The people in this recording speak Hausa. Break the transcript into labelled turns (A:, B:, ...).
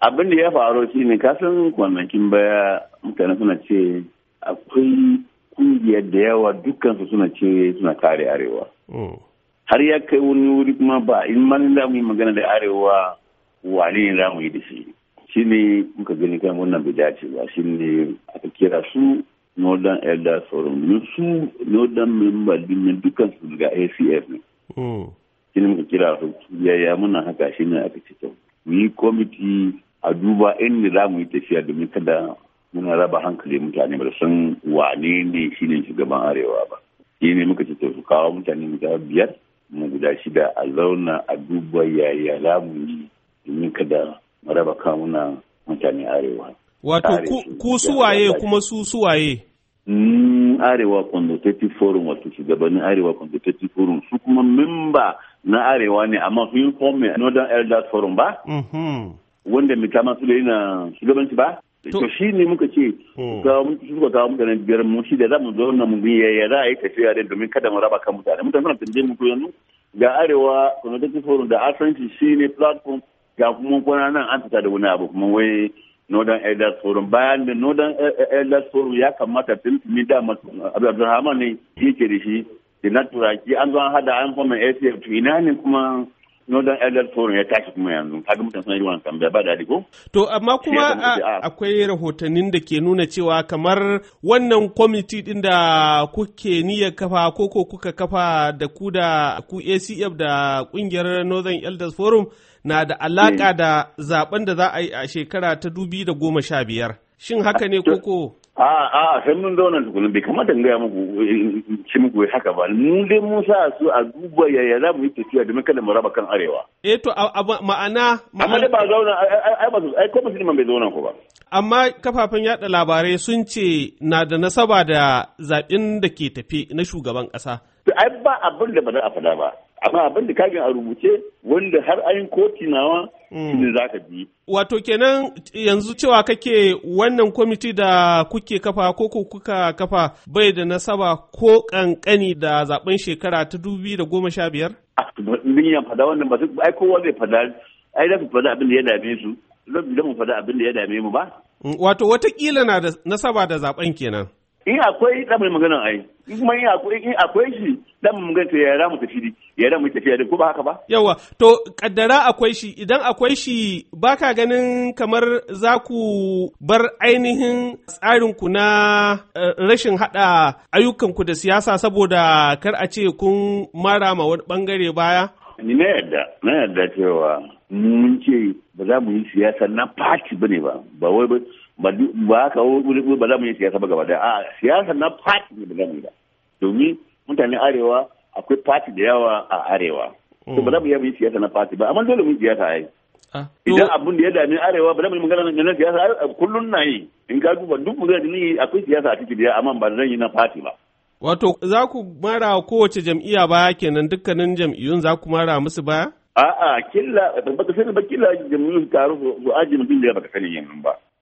A: abin da ya faru shi ne kasan kwanakin baya mutane suna ce akwai kungiyar da yawa dukkansu suna ce suna kare arewa oh. har ya kai wani wuri kuma ba in man za mu yi magana da arewa wane ne za mu yi da shi shi ne muka gani kan wannan bai dace ba shi ne aka kira su northern elder forum su northern member din dukkansu daga acf ne oh. shi ne muka kira su yaya muna haka shi ne aka ce kwamiti a duba inda za mu yi tafiya domin kada muna raba hankali mutane ba san wane ne shi ne shugaban arewa ba shi ne muka ce su kawo mutane guda biyar mu guda shida a zauna a duba yaya za mu yi domin kada mu raba kamuna mutane arewa wato ku suwaye kuma su suwaye mm, arewa consultative forum wato shugabannin arewa consultative forum su kuma memba na arewa ne amma sun yi kome northern elders forum ba
B: mhm.
A: wanda mai kama su da yana shugabanci ba to shi ne muka ce ga oh. suka kawo mutanen biyar mu shi da za mu zauna mu bi ya za a yi tafiya da domin kada mu raba kan mutane mutane suna tunje mu yanzu ga arewa connotative forum da asanci shi ne platform ga kuma kwana nan an fita da wani abu kuma wai northern elders forum bayan da northern e-, e-, elders forum ya kamata tun tuni tuntuni dama abdulrahman ne yake da shi da na turaki an zo an hada an fama acf ina ne kuma Northern Elder Forum ya tashi kuma yanzu kaga mutane wannan tambaya ba ko. To
B: amma kuma akwai rahotannin da ke nuna cewa kamar wannan kwamiti din da kuke niyya kafa ko ko kuka kafa da ku da ku ACF da kungiyar Northern Elders Forum na da alaka eh. da zaben da za a yi a shekara ta dubi da goma sha biyar. Shin haka ne koko? Ah,
A: a a sai mun zauna tukunan bai kamata in gaya muku shi muku haka ba mu dai mun sa su a duba yaya za mu yi tafiya domin kada mu raba kan arewa eh to
B: ma'ana amma dai ba
A: zauna ai ba ai ko musulman bai zauna ko ba
B: amma kafafen yada labarai sun ce na da nasaba da zaɓen da ke tafi na shugaban ƙasa
A: to ai ba abin da ba za a faɗa ba amma abin da kagin a rubuce wanda har ayin koti nawa shine za ka bi. Wato
B: kenan yanzu cewa kake wannan kwamiti da kuke kafa ko kuka kafa bai da nasaba ko kankani da zaben shekara ta dubi da goma sha biyar?
A: Ah, Ni yan fada wannan ba ai kowa zai fada ai da fada abin da ya dame su. Zan mu fada abin da ya dame mu ba.
B: Mm, wato watakila na da nasaba da zaben kenan. in
A: akwai ɗan magana magana yi
B: in kuma in akwai in akwai
A: shi ɗan magana to ya mu tafi ya ra mu tafi da ko ba haka ba
B: yawa to kaddara akwai shi idan akwai shi baka ganin kamar za ku bar ainihin tsarin ku na eh, rashin hada ayyukan ku da siyasa saboda kar a ce kun mara ma wani bangare
A: baya ni na yarda na yarda cewa mun ce za mu yi siyasa na party bane ba ba wai ba haka wuri ba za mu yi siyasa ba gaba daya a siyasa na party ne ba za mu yi ba domin mutanen arewa akwai party da yawa a arewa to ba za mu yi siyasa na party ba amma dole mu yi siyasa ai ah, idan abun da ya dami arewa ba za mu yi magana na siyasa kullun na yi in ka duba duk magana ni akwai siyasa a ciki da amma ba zan yi na party ba
B: wato za ku mara kowace jam'iyya baya kenan dukkanin jam'iyyun za ku mara musu baya
A: a'a killa ba ka sani ba killa jami'in taro su aji mutum da ba ka sani yanzu ba